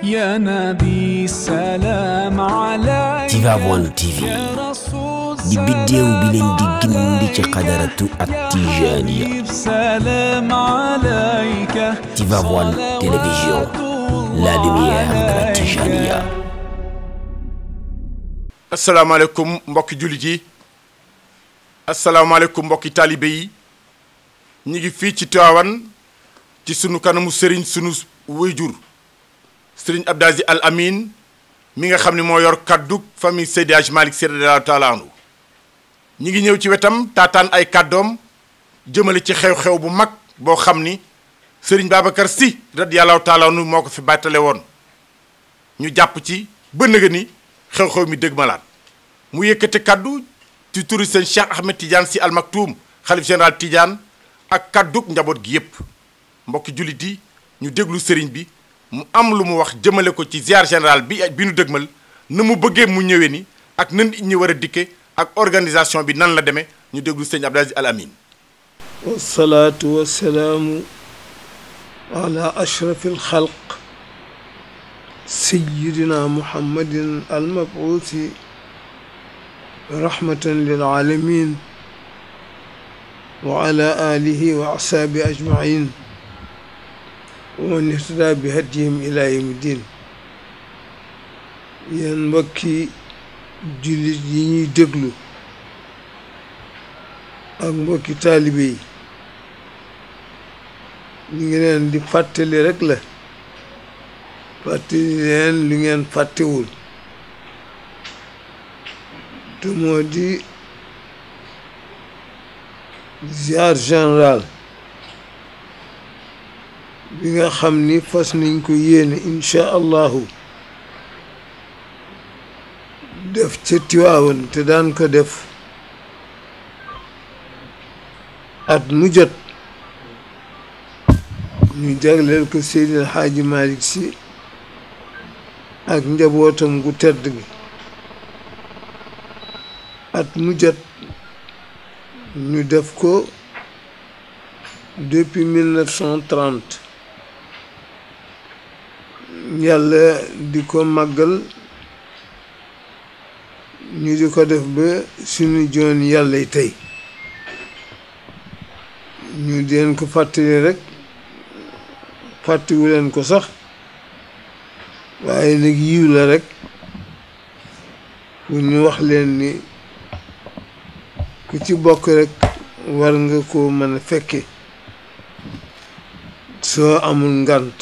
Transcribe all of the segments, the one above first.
Tivaouane TV di biddéew bi leen di mbokki jullit yi asalaamaaleykum mbokki taalibe yi ngi fii ci Tivaouane ci sunu kanamu sëriñ sunu wéyjur sëriñ Abdou Aziz Al Amin mi nga xam ne moo yor kaddu famille Seydi Hadj Malick Sy radiyallahu ñi ngi ñëw ci wetam taataan ay kàddoom jëmale ci xew-xew bu mag boo xam ni sëriñ Babacar Sy radiyallahu taala anhu moo ko fi bàttale woon ñu jàpp ci ba nëgë ni xew-xew mi dëgg malaat mu yëkkate kàddu ci turu seen Cheikh Ahmed Tidiane Sy Al Maktoum xalif général Tidiane ak kaddug njaboot gi yépp mbokki jullit yi ñu déglu sëriñ bi mu am lu mu wax jëmale ko ci ziar général bi bi nu dëgmal na mu bëggee mu ñëwee ni ak nan ñi war a dikke ak organisation bi nan la demee ñu déglu sëñ Abdou Al Amin wasalaatu wasalaamu ala ashrafi alxalq sayidina muhammadin almabuusi rahmatan lil wa ala alihi wa asaabi ajmain waman ihtada bi hadiyim ila yawmi diin yéen mbokki jullit yi ñuy déglu ak mbokki taalibe yi ñu ngi leen di fàttali rek la fàttali leen lu ngeen fàttewul te moo di بيغا خامني فاس نينكو يين ان شاء الله داف تي تيواون تي دانكو داف ات مجد ني جاغلل كو سيد الحاج مالك سي ak njabootam gu tedd gi at mu jot ñu depuis 1930 yàlla di ko màggal ñu di ko def ba suñu joon yàlla yi tey ñu di leen ko fàttali rek fàttiwu leen ko sax waaye nag la rekk pour ñu wax leen ni ku ci bokk rekk war nga ko mën a fekke soo amul ngànt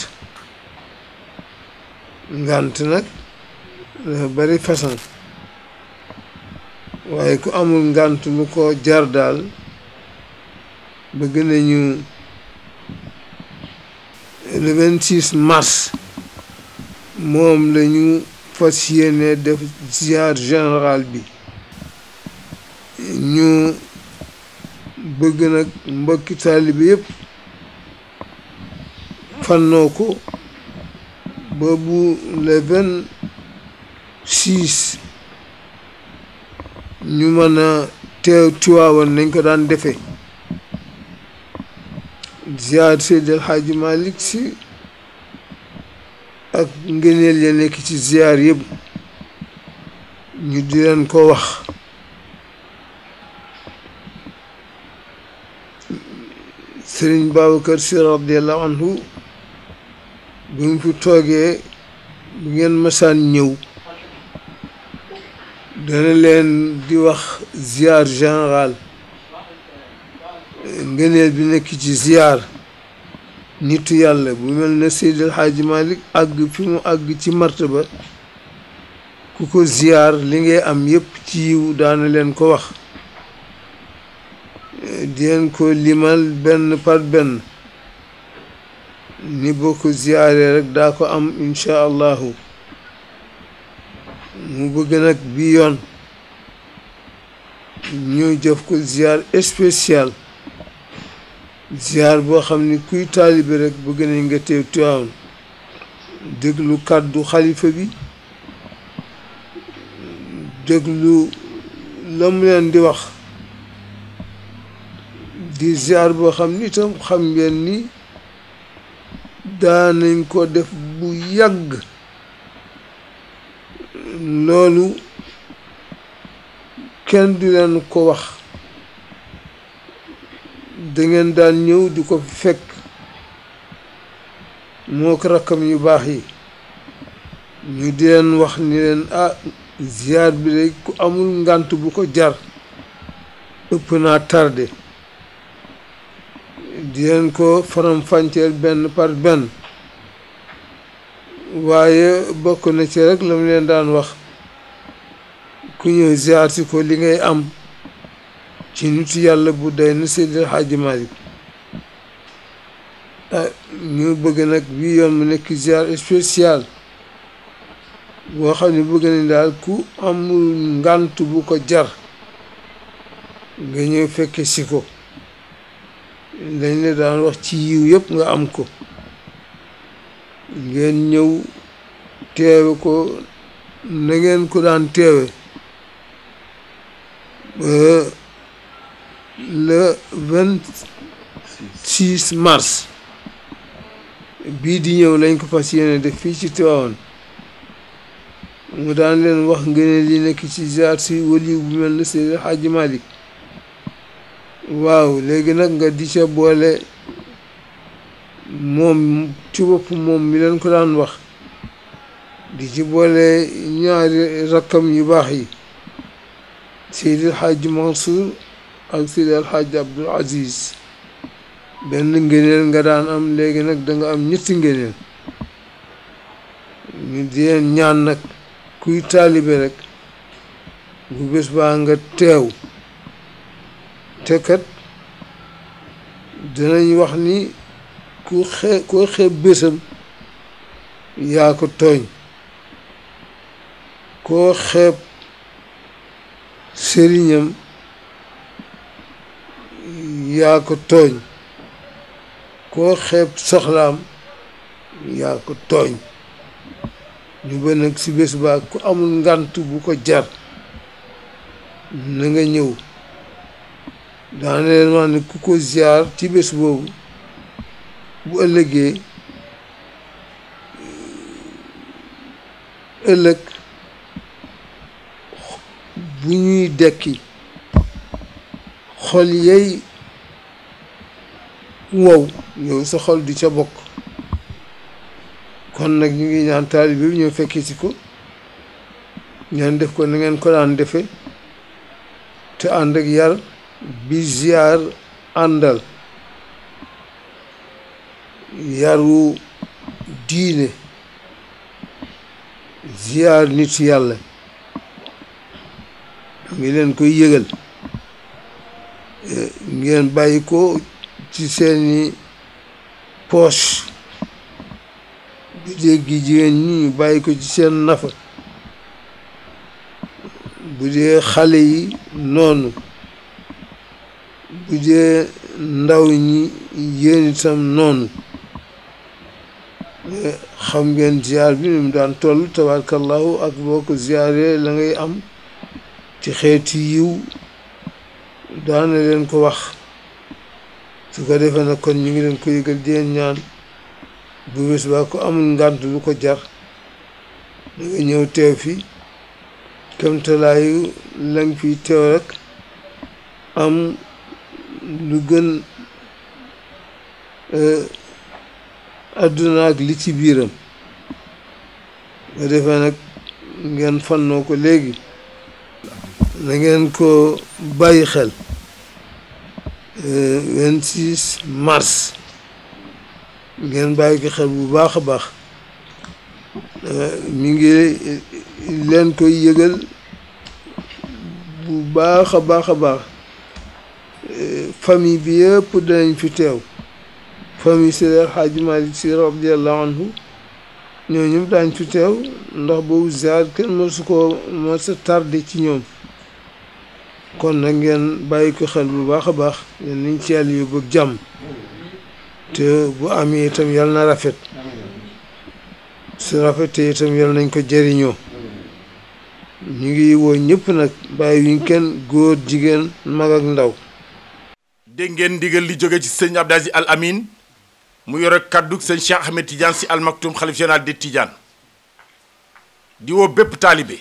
ngant nag bari façon waaye ku amul ngànt lu ko jar daal bëgg nañu le vingt six mars moom lañu ñu fas yéene def ziar général bi ñu bëgg nag mbokki taalibe yëpp fannoo ko boobu le vingt six ñu mën a teew Tiwaawan nañ ko daan defe ziar Seydi El Hadji Malick Sy ak ngëneel ya nekk ci ziar yëpp ñu di ko wax Sëriñ Babacar Sy radiallahu anhu bi mu fi toogee bu ngeen masaan ñëw dana leen di wax ziar général ngëneel bi nekk ci ziar nit yàlla bu mel ne Seydi El àgg fi mu àgg ci martaba ku ko ziar li ngay am yépp ci yiw daana leen ko wax di leen ko limal benn par benn ni boo ko ziyaaree rek daa ko am incha allahu mu bëgg nag bi yoon ñëw jëf ko ziyaar spécial ziyaar boo xam ni kuy taalibe rek bëgg nañ nga teew Tiwaawan déglu kàddu xalifa bi déglu la mu di wax di ziyaar boo xam ni itam xam ngeen ni daanañ ko def bu yàgg loolu kenn du leen ko wax dangeen daan ñëw di ko fekk moo ko rakkam yu baax yi ñu di leen wax ni leen ah ziyaar bi day ku amul ngànt bu ko jar ëpp naa tardé di leen ko faram benn par benn waaye bokk na ci rek la mu leen daan wax ku ñëw ziar si ko li ngay am ci nitu yàlla bu day ni Seydi El Hadji ah, ñu bëgg nag bii yoon mu nekk ziar spécial boo xam ne bëgg nañ daal ku amul ngànt bu ko jar nga ñëw fekke si ko lañ daan wax ci yiw yëpp nga am ko ngeen ñëw teewe ko na ngeen ko daan teewe ba le mars bii di ñëw lañ ko fas yéene def fii ci Tivaouane mu daan leen wax ngeen li nekk ci ziar si wali bu mel ne Seydi Hadji Malick waaw léegi nag nga di ca boole moom ci bopp moom mi leen ko daan wax di ci boole ñaari rakkam yu baax yi Seydi Alxaaji Mansour ak Seydi Alxaaji Abdul Aziz benn ngëneel nga daan am léegi nag danga am ñetti ngëneel ñu di leen ñaan nag kuy taalibe rek bu bés baa nga teew te kat dinañ wax ni ku xee koo xeeb bésam yaa ko tooñ koo xeeb sëriñam yaa ko tooñ koo xeeb soxlaam yaa ko tooñ ñu ba nag si bés baa ku amul ngànt bu ko jar na nga ñëw daana leen wax ne ku ko ziar ci bés boobu bu ëllëgee euh, ëllëg bu ñuy dekki xol yeey wow yow sa xol du ca bokk kon nag ñu ngi ñaan taalibe bi ñoo fekki si ko ñaan def ko na ngeen ko daan defe te ànd ak yar bi ziar àndal yaru diine ziar nit yàlla ngi leen koy yëgal ngeen bàyyi ko ci seeni poche bu dee gi jigéen ñu bàyyi ko ci seen nafa bu dee xale yi noonu bu dee ndaw ñi yéen itam noonu eh, xam ngeen ziar bi ni mu daan toll tabaarkallahu ak boo ko ziaree la ngay am ci xeeti yiw daana leen ko wax su ko defee nag kon ñu ngi leen ko yëgal di leen ñaan bu bés baa ko am ngànt lu ko jar da nga ñëw teew fi kamtalaayu la nga teew rek am lu gën adduna euh, ak li ci biiram nga defee nag ngeen fannoo ko léegi na ngeen ko bàyyi xel 26 euh, mars ngeen bàyyi ko xel bu baax a baax euh, mi ngi leen koy yëgal bu baax a baax a baax famille bi yëpp danañ fi teew famille Seydi El Hadji Malick Sy radiyallahu anhu ñoo teew ndax boobu ziar ci ñoom kon nag bu baax a baax yéen nañ ci jàmm te bu amee itam yàlla na rafet su rafetee itam yàlla nañ ko jëriñoo ñu ngi woo ñépp nag bàyyi yuñ kenn góor jigéen mag ak ndaw dégg ngeen ndigal li jóge ci sëñ Abdou Al Amin mu yore kaddu sëñ Cheikh Ahmed Tidiane si Al Maktoum xalif général de Tidiane di woo bépp taalibe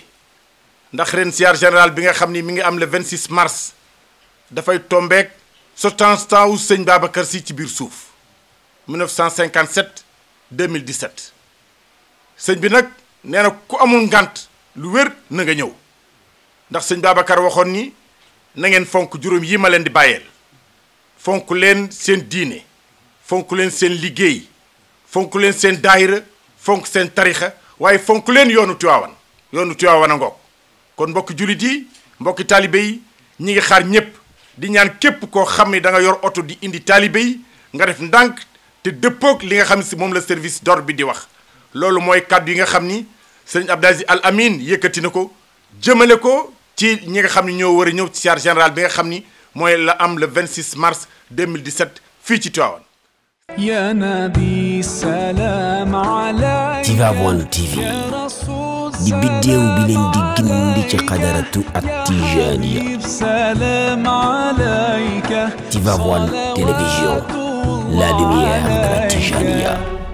ndax ren siyaar général bi nga xam ni mi ngi am le 26 mars dafay tombeek soixante ans wu sëñ Babacar si ci biir suuf 1957 2017 sëñ bi nag nee na ku amul ngànt lu wér na nga ñëw ndax sëñ Babacar waxoon ni na ngeen fonk juróom yi ma leen di bàyyeel. fonk leen seen diine fonk leen seen liggéey fonk leen seen daayira fonk seen tarixa waaye fonk leen yoonu Tiwaawan yoonu Tiwaawan a ngoog kon mbokki jullit yi mbokki taalibe yi ñi ngi xaar ñëpp di ñaan képp koo xam ni da nga yor oto di indi taalibe yi nga def ndànk te dëppoog li nga xam si moom la service d'ordre bi di wax loolu mooy kàddu yi nga xam ni sëriñ Abdou Aziz Al amin yëkkati na ko jëmale ko ci ñi nga xam ni ñoo war a ñëw ci charge général bi nga xam ni mooy la am le 26 mars 2017 fii ci Tivaouane. TV di biddéew bi leen di gindi ci xadaratu ak tijaaniya Tivaouane télévision la lumière de la tijaaniya